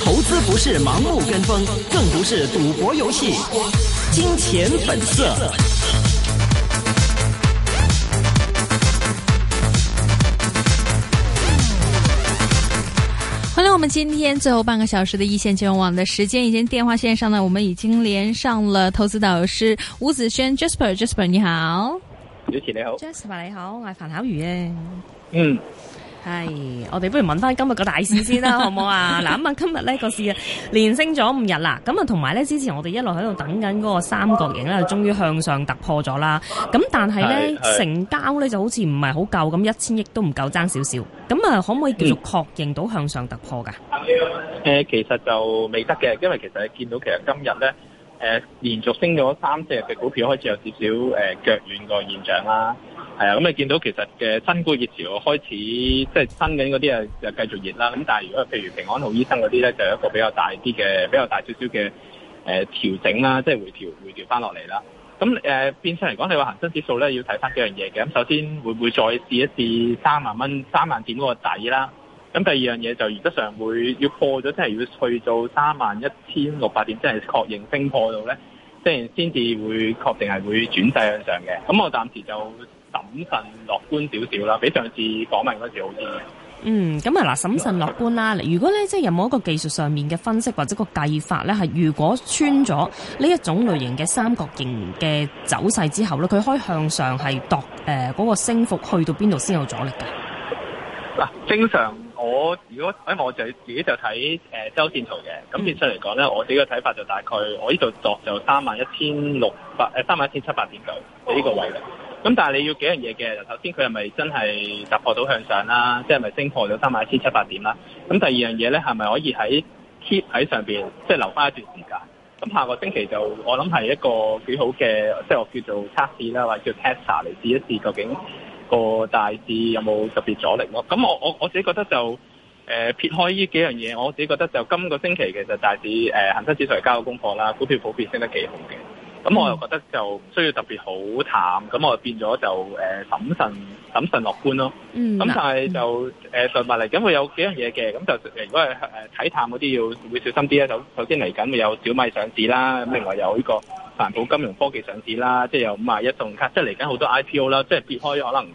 投資不是盲目跟風，更不是賭博遊戲，金錢本色。歡迎我們今天最後半個小時的一線金融網的時間，已經電話線上呢，我們已經連上了投資導師吳子軒，Jasper，Jasper，你好，主持人你好，Jasper 你好，我係樊巧宇誒，嗯。係，我哋不如問翻今日個大市先啦，好唔好啊？嗱，咁啊，今日咧個市啊連升咗五日啦，咁啊，同埋咧之前我哋一路喺度等緊嗰個三角形咧，終於向上突破咗啦。咁但係咧成交咧就好似唔係好夠咁，一千億都唔夠爭少少。咁啊，可唔可以繼續確認到向上突破噶？誒，其實就未得嘅，因為其實你見到其實今日咧誒，連續升咗三四日嘅股票開始有少少誒腳軟個現象啦。係啊，咁你見到其實嘅新高熱潮開始，即係新緊嗰啲啊，就繼續熱啦。咁但係如果譬如平安好醫生嗰啲咧，就有一個比較大啲嘅比較大少少嘅調整啦，即係回，回調回調翻落嚟啦。咁、呃、變相嚟講，你話恆生指數咧要睇翻幾樣嘢嘅。咁首先會唔會再試一試三萬蚊、三萬點嗰個底啦？咁第二樣嘢就原則上會要破咗，即係要去到三萬一千六百點，即係確認升破到咧，即係先至會確定係會轉勢向上嘅。咁我暫時就～謹慎樂觀少少啦，比上次講明嗰時好啲。嗯，咁啊嗱，審慎樂觀啦。如果咧，即係有冇一個技術上面嘅分析或者個計法咧，係如果穿咗呢一種類型嘅三角形嘅走勢之後咧，佢可以向上係度誒嗰、呃那個升幅去到邊度先有阻力嘅？嗱、啊，正常我如果喺我就自己就睇誒、呃、周線圖嘅，咁變相嚟講咧，我自己嘅睇法就大概我呢度度就三萬一千六百誒三萬一千七百點九呢個位嘅。哦咁但係你要幾樣嘢嘅，首先佢係咪真係突破到向上啦？即係咪升破咗三萬一千七百點啦？咁第二樣嘢咧係咪可以喺 keep 喺上面，即係留翻一段時間？咁下個星期就我諗係一個幾好嘅，即係我叫做測試啦，或者叫 test 嚟試一試究竟個大市有冇特別阻力咯。咁我我我自己覺得就誒撇開呢幾樣嘢，我自己覺得就今個星期其實大市誒恆生指數交個功課啦，股票普遍升得幾好嘅。咁、嗯、我又覺得就唔需要特別好淡，咁我變咗就誒、呃、審慎、審慎樂觀咯。嗯。咁但係就誒順物嚟緊，會、呃、有幾樣嘢嘅。咁就如果係睇淡嗰啲，要會小心啲咧。首首先嚟緊會有小米上市啦，咁另外有呢個環保金融科技上市啦，即係有五廿一信用卡，即係嚟緊好多 IPO 啦。即係撇開可能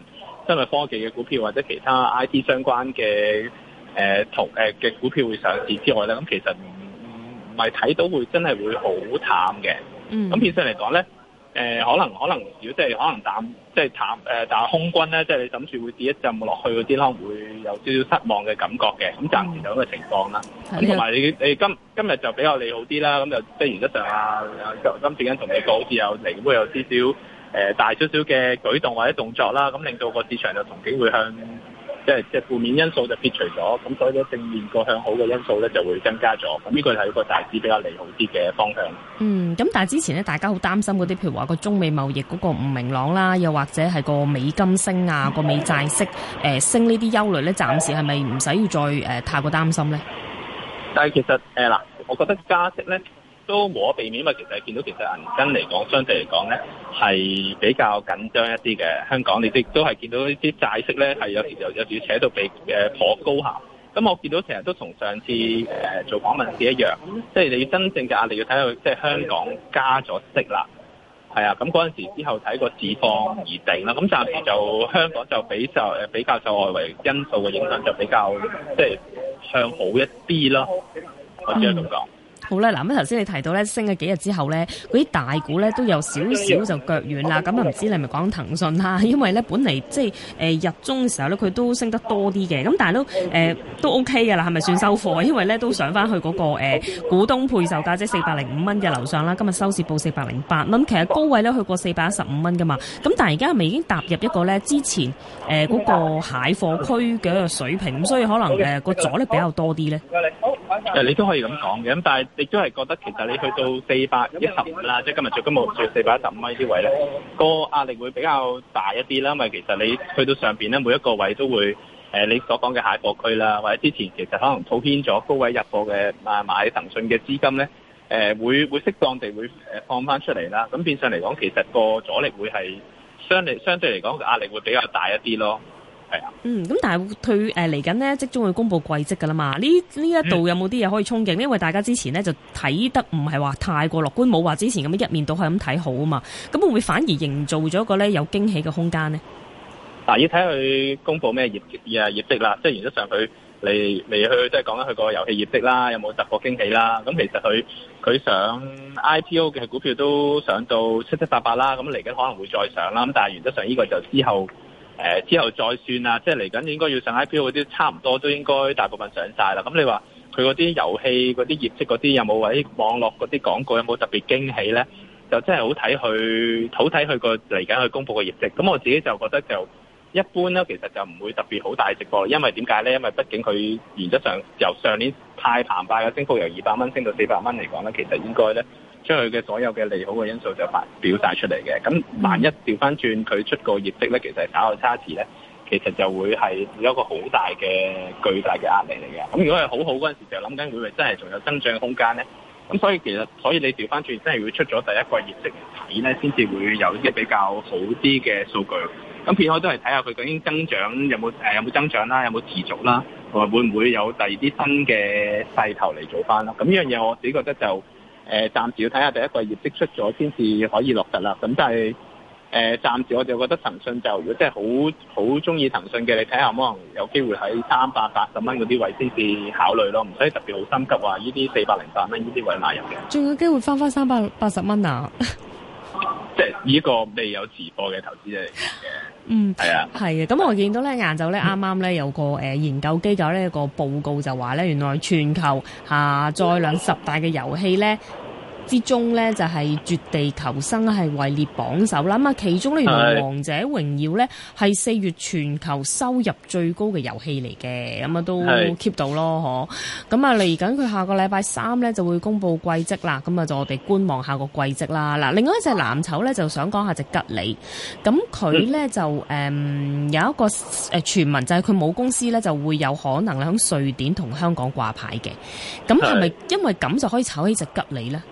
生物科技嘅股票或者其他 I T 相關嘅誒同嘅股票會上市之外咧，咁其實唔唔係睇到會真係會好淡嘅。咁現實嚟講咧，誒可能可能，如果即係可能淡，即係淡誒，但係空軍咧，即係你諗住會跌一陣落去嗰啲，可能會有少少失望嘅感覺嘅，咁暫時就咁嘅情況啦。同埋你你今今日就比較利好啲啦，咁就即係而家啊今，今次跟同你講，好似有似乎有少少誒大少少嘅舉動或者動作啦，咁令到個市場就同機會向。即係即係負面因素就撇除咗，咁所以咧正面個向好嘅因素咧就會增加咗。咁呢個係一個大致比較利好啲嘅方向。嗯，咁但係之前咧，大家好擔心嗰啲，譬如話個中美貿易嗰個唔明朗啦，又或者係個美金升啊，個美債息誒升呢啲憂慮咧，暫時係咪唔使要再誒太過擔心咧？但係其實誒嗱，我覺得加息咧。都冇可避免，因為其實見到其實銀根嚟講，相對嚟講咧係比較緊張一啲嘅。香港你亦都係見到呢啲債息咧係有時就又要扯到比誒頗高下。咁我見到成日都同上次誒做訪問時一樣，即係你真正嘅壓力要睇到即係香港加咗息啦。係啊，咁嗰陣時之後睇個市況而定啦。咁暫時就香港就比就比較受外圍因素嘅影響就比較即係向好一啲咯。我只係咁講。好啦，嗱咁頭先你提到咧，升咗幾日之後咧，嗰啲大股咧都有少少就腳軟啦。咁啊，唔知你係咪講騰訊啦？因為咧，本嚟即係、呃、日中嘅時候咧，佢都升得多啲嘅。咁但係都誒、呃、都 OK 嘅啦，係咪算收貨？因為咧都上翻去嗰、那個誒股、呃、東配售價即係四百零五蚊嘅樓上啦。今日收市報四百零八蚊。其實高位咧去過四百一十五蚊㗎嘛。咁但係而家係咪已經踏入一個咧之前誒嗰、呃那個蟹貨區嘅一個水平？所以可能誒、呃那個阻力比較多啲咧。你都可以咁講嘅，咁但係亦都係覺得其實你去到四百一十五啦，即係今日最高冇至四百一十五米呢位咧，個壓力會比較大一啲啦。因為其實你去到上邊咧，每一個位都會你所講嘅蟹貨區啦，或者之前其實可能套偏咗高位入貨嘅買騰訊嘅資金咧，會會適當地會放翻出嚟啦。咁變相嚟講，其實個阻力會係相相對嚟講嘅壓力會比較大一啲咯。嗯，咁但係佢誒嚟緊呢，即將會公布季績噶啦嘛？呢呢一度有冇啲嘢，可以憧憬？因為大家之前呢，就睇得唔係話太過樂觀，冇話之前咁樣一面倒係咁睇好啊嘛。咁會唔會反而營造咗個呢有驚喜嘅空間呢？嗱，要睇下佢公布咩業績啊？業績啦，即係原則上佢嚟嚟去去，即係講緊佢個遊戲業績啦，有冇突破驚喜啦？咁其實佢佢上 IPO 嘅股票都上到七七八八啦，咁嚟緊可能會再上啦。咁但係原則上呢個就之後。誒、呃、之後再算啦，即係嚟緊應該要上 IPO 嗰啲，差唔多都應該大部分上曬啦。咁你話佢嗰啲遊戲嗰啲業績嗰啲有冇或者網絡嗰啲廣告有冇特別驚喜咧？就真係好睇佢好睇佢個嚟緊佢公布嘅業績。咁我自己就覺得就一般呢，其實就唔會特別好大直播，因為點解咧？因為畢竟佢原則上由上年太澎湃嘅升幅由二百蚊升到四百蚊嚟講咧，其實應該咧。將佢嘅所有嘅利好嘅因素就發表曬出嚟嘅，咁萬一調翻轉佢出個業績咧，其實打個差池咧，其實就會係一個好大嘅巨大嘅壓力嚟嘅。咁如果係好好嗰陣時，就諗緊會唔會真係仲有增長空間咧？咁所以其實，所以你調翻轉真係會出咗第一個業績嚟睇咧，先至會有啲比較好啲嘅數據。咁撇開都係睇下佢究竟增長有冇、呃、有冇增長啦，有冇持續啦，同埋會唔會有第二啲新嘅勢頭嚟做翻啦？咁呢樣嘢我自己覺得就～誒，暫時要睇下第一個業績出咗，先至可以落實啦。咁但係，誒、呃，暫時我就覺得騰訊就如果真係好好中意騰訊嘅，你睇下可能有機會喺三百八十蚊嗰啲位先至考慮咯，唔使特別好心急話呢啲四百零八蚊呢啲位買入嘅。仲有機會翻翻三百八十蚊啊？ 即係呢個未有持貨嘅投資者嚟。嗯，係啊，係啊，咁我見到咧，晏晝咧，啱啱咧有個誒、呃、研究機構咧有個報告就話咧，原來全球下載兩十大嘅遊戲咧，之中呢，就係、是、絕地求生係位列榜首啦。咁啊，其中呢，原來王者榮耀呢，係四月全球收入最高嘅遊戲嚟嘅。咁啊都 keep 到咯，嗬。咁啊嚟緊佢下個禮拜三呢，就會公布季績啦。咁啊就我哋觀望下個季績啦。嗱，另外一隻藍籌呢，就想講下隻吉利。咁佢呢，嗯、就誒、嗯、有一個誒傳聞就係佢母公司呢，就會有可能喺瑞典同香港掛牌嘅。咁係咪因為咁就可以炒起隻吉利呢？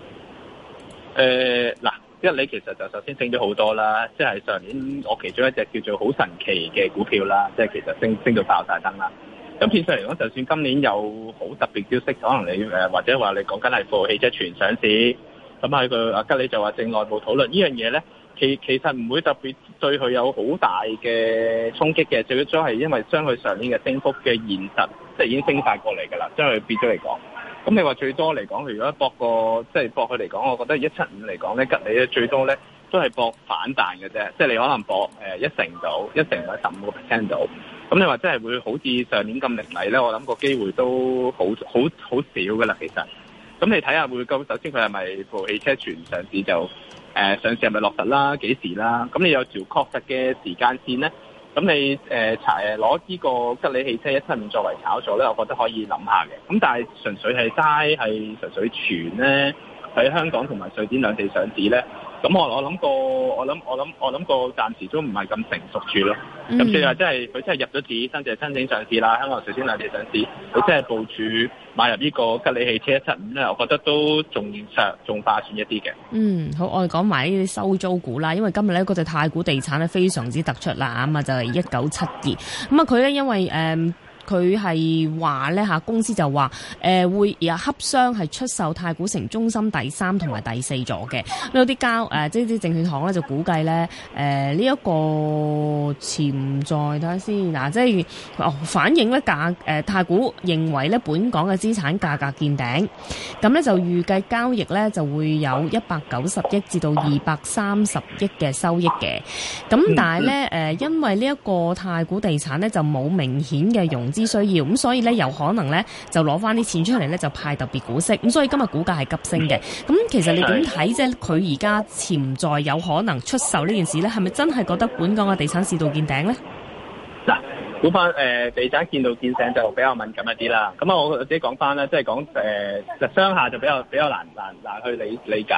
誒、呃，嗱，吉利其實就首先升咗好多啦，即係上年我其中一隻叫做好神奇嘅股票啦，即係其實升升到爆晒燈啦。咁變相嚟講，就算今年有好特別消息，可能你誒或者話你講緊係富豪汽車全上市，咁喺佢，阿吉利就話正內部討論呢樣嘢咧，其其實唔會特別對佢有好大嘅衝擊嘅，最主要係因為將佢上年嘅升幅嘅現實，即係已經升晒過嚟噶啦，將佢撇咗嚟講。咁你話最多嚟講，如果搏個即係搏佢嚟講，我覺得一七五嚟講咧，吉利咧最多咧都係搏反彈嘅啫，即係你可能搏、呃、一成到一成或十五個 percent 到。咁你話真係會好似上年咁凌厲咧，我諗個機會都好好好少噶啦，其實。咁你睇下會夠，首先佢係咪部汽車全上市就，呃、上市係咪落實啦？幾時啦？咁你有條確實嘅時間線咧？咁你誒查誒攞呢個吉利汽車一七面作為炒作咧，我覺得可以諗下嘅。咁但係純粹係齋係純粹傳咧，喺香港同埋瑞典兩地上市咧。咁我我諗過，我諗我諗我諗過，暫時都唔係咁成熟住咯。咁所以話即係佢真係入咗自己新，申請上市啦。香港頭先兩地上市，佢真係部署買入呢個吉利汽車七五咧，我覺得都仲尚仲划算一啲嘅。嗯，好，我哋講埋呢啲收租股啦，因為今日咧、嗰隻太古地產咧非常之突出啦、咁、嗯、啊就係一九七二，咁啊佢咧因為誒。嗯佢係話咧吓公司就話誒、呃、會有洽商係出售太古城中心第三同埋第四座嘅。有啲交誒、呃、即係啲證券行咧就估計咧誒呢一、呃這個潛在，睇下先嗱、啊，即係、哦、反映咧價誒太古認為咧本港嘅資產價格見頂，咁咧就預計交易，咧就會有一百九十億至到二百三十億嘅收益嘅。咁但係咧誒因為呢一個太古地產咧就冇明顯嘅融之需要，咁所以咧，有可能咧就攞翻啲錢出嚟咧，就派特別股息。咁所以今日股價係急升嘅。咁其實你點睇啫？佢而家潛在有可能出售呢件事咧，係咪真係覺得本港嘅地產市道見頂咧？嗱，估翻誒、呃，地產見到見頂就比較敏感一啲啦。咁啊，我自己講翻啦，即係講誒，就是呃、商下就比較比較難難難去理理解。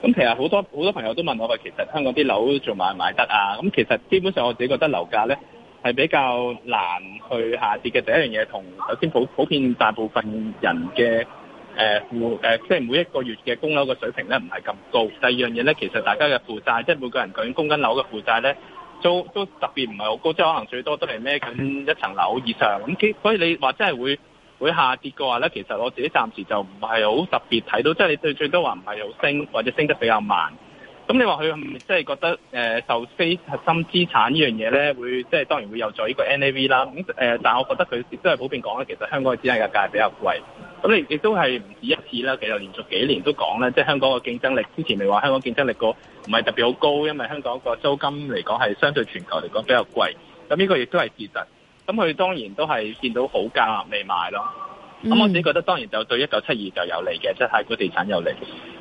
咁其實好多好多朋友都問我話，其實香港啲樓仲買唔買得啊？咁其實基本上我自己覺得樓價咧。係比較難去下跌嘅。第一樣嘢，同首先普普遍大部分人嘅誒負誒，即係每一個月嘅供樓嘅水平咧，唔係咁高。第二樣嘢咧，其實大家嘅負債，即係每個人究竟供緊樓嘅負債咧，都都特別唔係好高，即係可能最多都係孭緊一層樓以上。咁基，所以你話真係會會下跌嘅話咧，其實我自己暫時就唔係好特別睇到，即係你對最多話唔係好升，或者升得比較慢。咁你話佢唔即係覺得誒受非核心資產呢樣嘢咧，會即係當然會有助呢個 N A V 啦。咁但我覺得佢都係普遍講啦，其實香港嘅資產價格比較貴。咁你亦都係唔止一次啦，其實連續幾年都講咧，即係香港嘅競爭力之前咪話香港競爭力個唔係特別好高，因為香港個租金嚟講係相對全球嚟講比較貴。咁呢個亦都係事實。咁佢當然都係見到好價嚟買咯。咁、嗯、我自己覺得當然就對一九七二就有利嘅，即、就、係、是、太古地產有利。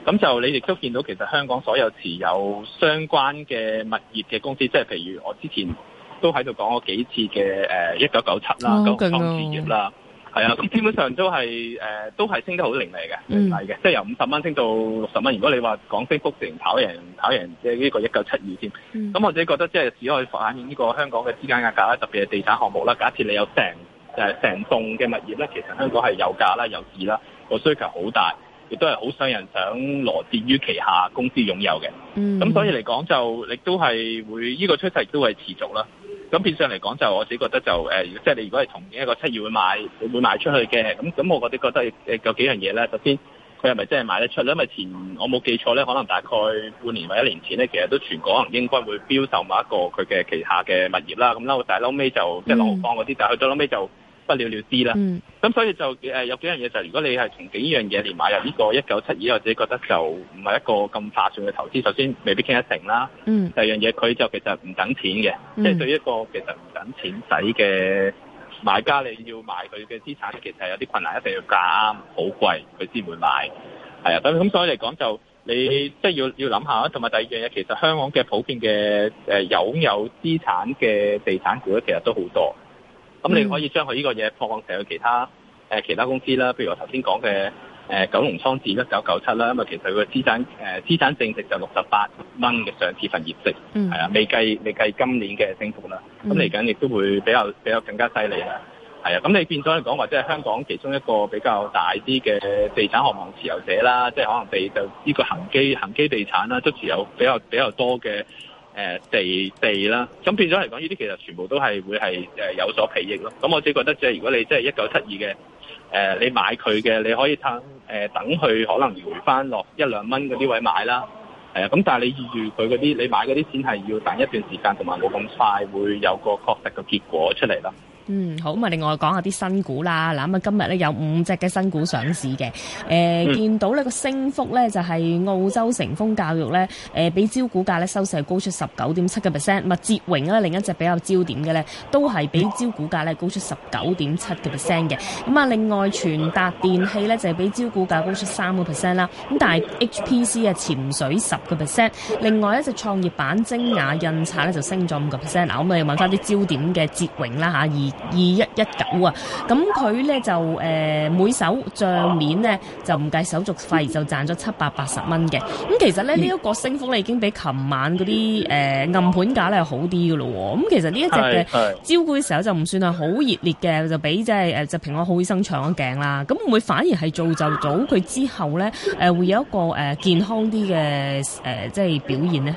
咁就你亦都見到其實香港所有持有相關嘅物業嘅公司，即、就、係、是、譬如我之前都喺度講過幾次嘅誒一九九七啦、九方置業啦，係啊，咁基本上都係、呃、都係升得好凌厲嘅，係、嗯、嘅，即係、就是、由五十蚊升到六十蚊。如果你話港升幅成跑贏跑贏，即係呢個一九七二添。咁、嗯、我自己覺得即係只可以反映呢個香港嘅資產價格啦，特別係地產項目啦。假設你有訂。誒成棟嘅物業咧，其實香港係有價啦、有市啦，個需求好大，亦都係好商人想攞置於旗下公司擁有嘅。咁、mm -hmm. 所以嚟講就，就亦都係會依、這個趨勢都係持續啦。咁變相嚟講就，就我自己覺得就誒、呃，即係你如果係同一個七月會買，會賣出去嘅。咁咁，我覺得覺得誒，有幾樣嘢咧。首先，佢係咪真係賣得出咧？因為前我冇記錯咧，可能大概半年或一年前咧，其實都全港可能應該會標售某一個佢嘅旗下嘅物業啦。咁撈但係撈尾就即係樓方嗰啲，但去到撈尾就。Mm -hmm. 不了了之啦，咁、嗯、所以就有幾樣嘢就如果你係從幾樣嘢嚟買入呢個一九七二，我自己覺得就唔係一個咁划算嘅投資。首先未必傾得成啦，嗯、第二樣嘢佢就其實唔等錢嘅，即、嗯、係、就是、對於一個其實唔等錢使嘅買家，你要買佢嘅資產，其實有啲困難，一定要價好貴佢先會買。係啊，咁咁所以嚟講就你即係要要諗下，同埋第二樣嘢其實香港嘅普遍嘅誒擁有資產嘅地產股咧，其實都好多。咁、嗯、你可以將佢呢個嘢擴放成去其他、呃、其他公司啦，譬如我頭先講嘅九龍倉置一九九七啦，咁啊其實佢個資產、呃、資產淨值就六十八蚊嘅上市份業績，嗯、啊，未計未計今年嘅升幅啦。咁嚟緊亦都會比較比較更加犀利啦，啊。咁你變咗嚟講，或者係香港其中一個比較大啲嘅地產項目持有者啦，即係可能地就呢個恒基恒基地產啦、啊，都持有比較比較多嘅。誒、呃、地地啦，咁變咗嚟講，呢啲其實全部都係會係、呃、有所裨益咯。咁我自己覺得即、呃、如果你即係一九七二嘅誒，你買佢嘅，你可以趁誒等佢、呃、可能回翻落一兩蚊嗰啲位買啦。咁、呃、但係你預住佢嗰啲，你買嗰啲先係要等一段時間同埋冇咁快會有個確實嘅結果出嚟啦。嗯，好。咁啊，另外講下啲新股啦。嗱，咁啊，今日咧有五隻嘅新股上市嘅。誒、呃嗯，見到呢個升幅咧就係澳洲成峰教育咧，誒，比招股價咧收市係高出十九點七個 percent。麥捷榮咧另一隻比較焦點嘅咧，都係比招股價咧高出十九點七個 percent 嘅。咁啊，另外傳達電器咧就係比招股價高出三個 percent 啦。咁但係 HPC 啊潛水十個 percent。另外一隻創業板精雅印刷咧就升咗五個 percent。嗱，咁、嗯、啊，問翻啲焦點嘅捷榮啦嚇二一一九啊，咁佢咧就誒、呃、每手賬面咧就唔計手續費就賺咗七百八,八十蚊嘅。咁其實咧呢一、嗯這個升幅咧已經比琴晚嗰啲誒暗盤價咧好啲喇咯。咁其實呢一隻嘅招股嘅時候就唔算係好熱烈嘅，就比即係誒就平安好醫生搶咗鏡啦。咁會唔會反而係造就到佢之後咧誒、呃、會有一個誒、呃、健康啲嘅誒即係表現呢？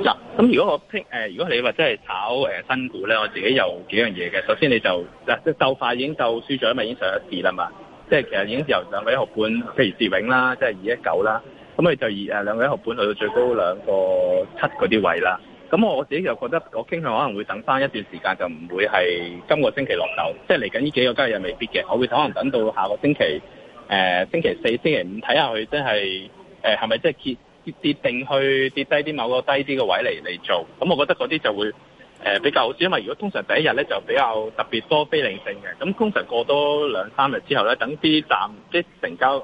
嗱，咁如果我聽、呃、如果你話真係炒新股咧，我自己有幾樣嘢嘅。首先你就嗱，鬥快已經鬥輸咗，因為已經上咗市啦嘛。即係其實已經由兩個一毫半，譬如志永啦，即係二一九啦，咁佢就二兩個一毫半去到最高兩個七嗰啲位啦。咁我自己就覺得，我傾向可能會等翻一段時間，就唔會係今個星期落手。即係嚟緊呢幾個交易日未必嘅，我會可能等到下個星期、呃、星期四、星期五睇下佢真係係咪真係揭。呃是跌定去跌低啲某個低啲嘅位嚟，嚟做，咁我覺得嗰啲就會誒、呃、比較好啲，因為如果通常第一日咧就比較特別多非理性嘅，咁通常過多兩三日之後咧，等啲淡即成交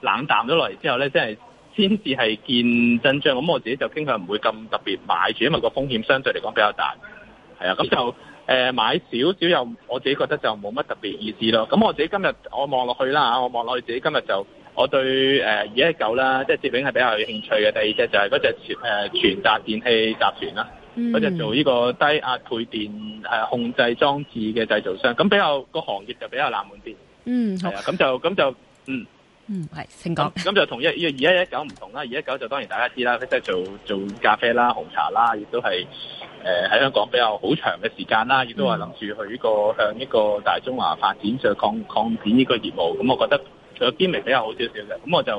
冷淡咗落嚟之後咧，即係先至係見真章。咁我自己就傾向唔會咁特別買住，因為個風險相對嚟講比較大。係啊，咁就誒、呃、買少少又我自己覺得就冇乜特別意思咯。咁我自己今日我望落去啦，吓，我望落去自己今日就。我對誒二一九啦，即係捷榮，係比較有興趣嘅。第二隻就係嗰隻全誒、呃、全達電器集團啦，嗰、嗯、隻做呢個低壓配電誒控制裝置嘅製造商，咁比較、嗰個行業就比較冷門啲。嗯，咁就咁就嗯嗯係，請講。咁就同一呢個二一九唔同啦，二一九就當然大家知啦，即係做做咖啡啦、紅茶啦，亦都係誒喺香港比較好長嘅時間啦，亦都係諗住去呢、呢個向呢個大中華發展，上擴擴展呢個業務。咁我覺得。有堅味比較好少少嘅，咁我就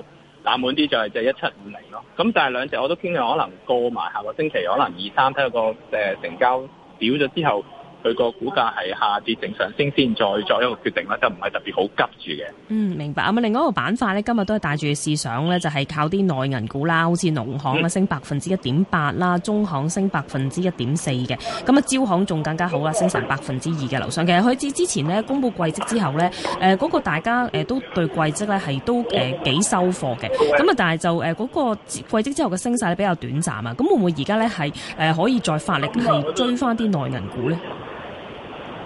冷門啲就係就係一七五零咯。咁但係兩隻我都傾向可能過埋下個星期，可能二三睇下個誒成交少咗之後。佢個股價係下跌，正常升先再作一個決定啦，就唔係特別好急住嘅。嗯，明白。咁啊，另外一個板塊呢，今日都係帶住思想呢，就係、是、靠啲內銀股啦，好似農行啊，升百分之一點八啦，中行升百分之一點四嘅。咁啊，招行仲更加好啦，升成百分之二嘅樓上。其實去至之前呢，公布季績之後呢，誒嗰個大家誒都對季績呢係都誒幾收貨嘅。咁啊，但係就誒嗰個季績之後嘅升勢呢比較短暫啊。咁會唔會而家呢係誒可以再發力係追翻啲內銀股呢？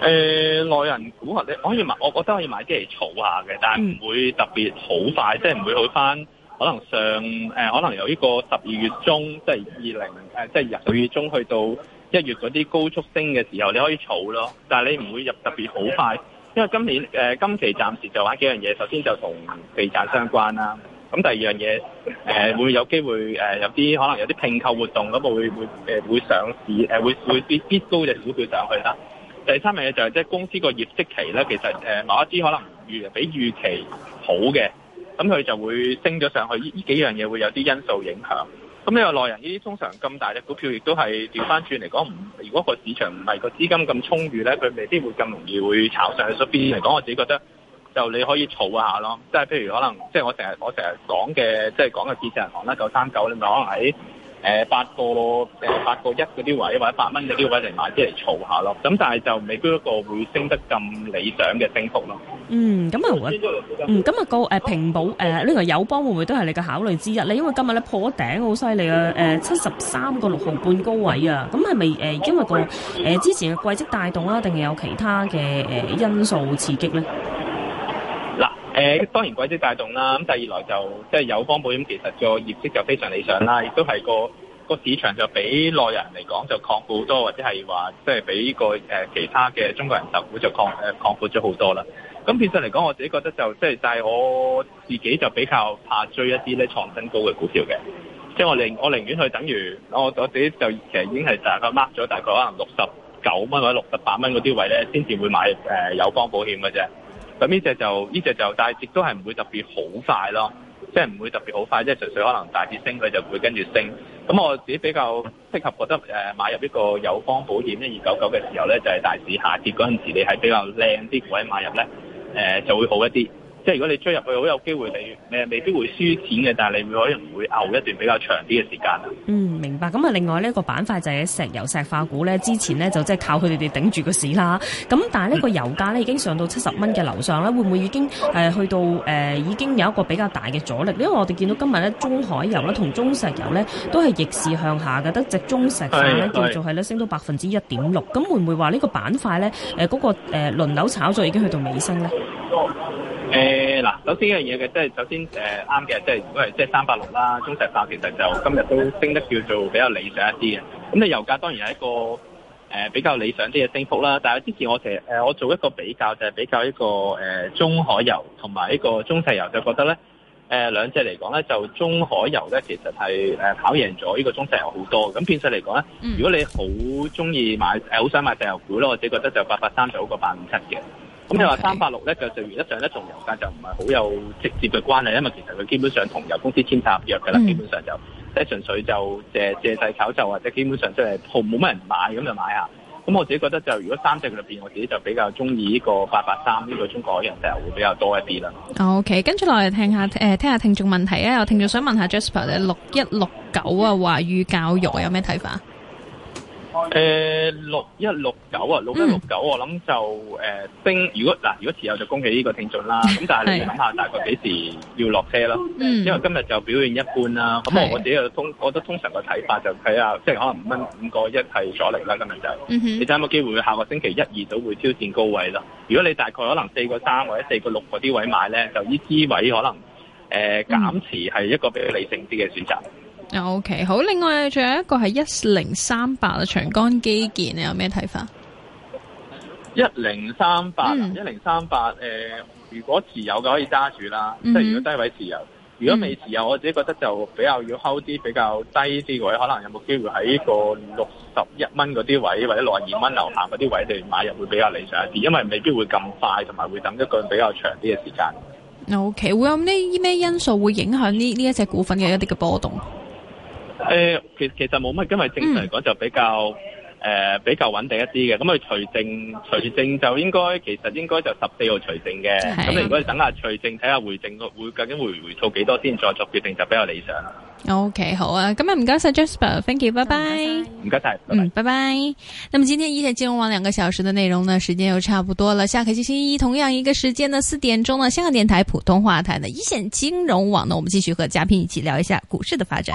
誒、呃、內人股啊，你可以買，我覺得可以買啲嚟儲一下嘅，但係唔會特別好快，嗯、即係唔會去翻可能上誒、呃，可能由呢個十二月中，即係二零誒，即係十二月中去到一月嗰啲高速升嘅時候，你可以儲咯。但係你唔會入特別好快，因為今年誒、呃、今期暫時就玩幾樣嘢。首先就同地產相關啦，咁第二樣嘢誒、呃、會有機會誒、呃、有啲可能有啲併購活動咁啊、那個、會會誒、呃、會上市誒、呃、會會必必高隻股票上去啦。第三樣嘢就係即係公司個業績期咧，其實誒某一啲可能不預比預期好嘅，咁佢就會升咗上去。呢依幾樣嘢會有啲因素影響。咁呢個內銀呢啲通常咁大隻股票也是，亦都係調翻轉嚟講，唔如果個市場唔係個資金咁充裕咧，佢未必會咁容易會炒上去。所以嚟講，我自己覺得就你可以儲下咯。即係譬如可能即係、就是、我成日我成日講嘅，即、就、係、是、講嘅建設銀行啦、九三九你咪可能喺。誒、呃、八個誒、呃、八個一嗰啲位或者八蚊嗰啲位嚟買啲嚟炒下咯，咁但係就未必有一個會升得咁理想嘅升幅咯。嗯，咁啊，嗯，咁啊個誒、呃、平保誒呢個友邦會唔會都係你嘅考慮之一咧？因為今日咧破咗頂好犀利啊！誒七十三個六毫半高位啊，咁係咪誒因為、個、呃、之前嘅季績帶動啦，定係有其他嘅、呃、因素刺激咧？誒當然鬼市帶動啦，咁第二來就即係友邦保險其實個業績就非常理想啦，亦都係個個市場就比內人嚟講就擴闊好多，或者係話即係比個誒、呃、其他嘅中國人壽股就擴誒擴闊咗好多啦。咁變相嚟講，我自己覺得就即係就係、是、我自己就比較怕追一啲咧創新高嘅股票嘅，即係我寧我寧願去等於我我自己就其實已經係大概 mark 咗大概可能六十九蚊或者六十八蚊嗰啲位咧，先至會買誒友邦保險嘅啫。咁呢隻就呢隻就大市都係唔會特別好快咯，即係唔會特別好快，即係純粹可能大市升佢就會跟住升。咁我自己比較適合覺得誒買入呢個友邦保險一二九九嘅時候咧，就係、是、大市下跌嗰陣時，你係比較靚啲股買入咧、呃，就會好一啲。即係如果你追入去，好有機會你未必會輸錢嘅，但係你可能會捱一段比較長啲嘅時間啊。嗯，明白。咁啊，另外呢一個板塊就係石油石化股呢，之前呢就即係靠佢哋哋頂住個市啦。咁但係呢個油價呢已經上到七十蚊嘅樓上啦，嗯，會唔會已經誒、呃、去到誒、呃、已經有一個比較大嘅阻力？因為我哋見到今日呢，中海油咧同中石油呢都係逆市向下嘅，得隻中石油咧叫做係咧升到百分之一點六。咁會唔會話呢個板塊呢？誒、呃、嗰、嗰個誒輪流炒作已經去到尾聲呢？誒，嗱、 呃，首先依樣嘢嘅，即係首先，誒、呃，啱嘅，即係如果係即係三百六啦，中石化其實就今日都升得叫做比較理想一啲嘅。咁、嗯、你油價當然係一個、呃，比較理想啲嘅升幅啦。但係之前我其、呃、我做一個比較就係、是、比較一個，呃、中海油同埋一個中石油，就覺得咧、呃，兩隻嚟講咧，就中海油咧其實係、呃、考跑贏咗呢個中石油好多。咁變相嚟講咧，如果你好中意買，好、呃、想買石油股咯，我自己覺得就八八三就好過八五七嘅。咁你話三八六咧，就就原則上咧，同油價就唔係好有直接嘅關係，因為其實佢基本上同油公司簽合約噶啦，基本上就即係純粹就借借勢炒作或者基本上即係冇冇乜人買咁就買啊。咁、嗯嗯、我自己覺得就如果三隻入面，我自己就比較中意呢個八八三呢個中國人就油會比較多一啲啦。OK，跟住落嚟聽下聽下聽眾問題啊！有聽眾想問下 Jasper 咧六一六九啊，華語教育有咩睇法？誒、呃，六一六九啊，六一六九，我諗就誒升。如果嗱，如果持有就恭喜呢個聽眾啦。咁但係你諗下，大概幾時要落車咯？ 因為今日就表現一般啦。咁、 嗯、我自己又通，我覺得通常個睇法，就睇下，即係可能五蚊五個一係阻力啦。今日就是嗯、你睇有冇機會下個星期一二都會挑戰高位啦。如果你大概可能四個三或者四個六嗰啲位買咧，就呢支位可能誒減持係一個比較理性啲嘅選擇。嗯 O、okay, K，好。另外，仲有一個係一零三八嘅長江基建，你有咩睇法？一零三八，一零三八。誒，如果持有嘅可以揸住啦、嗯，即係如果低位持有，如果未持有，我自己覺得就比較要 hold 啲比較低啲位、嗯，可能有冇機會喺個六十一蚊嗰啲位或者六十二蚊樓下嗰啲位你買入會比較理想一啲，因為未必會咁快，同埋會等一個比較長啲嘅時間。O、okay, K，會有啲咩因素會影響呢？呢一隻股份嘅一啲嘅波動？嗯誒、哎，其其實冇乜，因為正常嚟講就比較誒、嗯呃、比較穩定一啲嘅。咁佢除正除正就應該其實應該就十四號除正嘅。咁你、啊、如果等下除正睇下回正個會究竟匯匯數幾多先，再作決定就比較理想。OK，好啊，咁啊唔該晒 Jasper，Thank you，拜拜。唔該晒，嗯，拜拜。那麼今天一線金融網兩個小時的內容呢，時間又差不多了。下個星期一同樣一個時間呢，四點鐘呢，香港電台普通話台呢，一線金融網呢，我們繼續和嘉賓一起聊一下股市的發展。